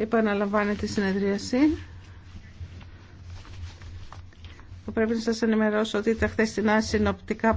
επαναλαμβάνεται η συνεδρίαση. Θα πρέπει να σας ενημερώσω ότι τα χθεσινά συνοπτικά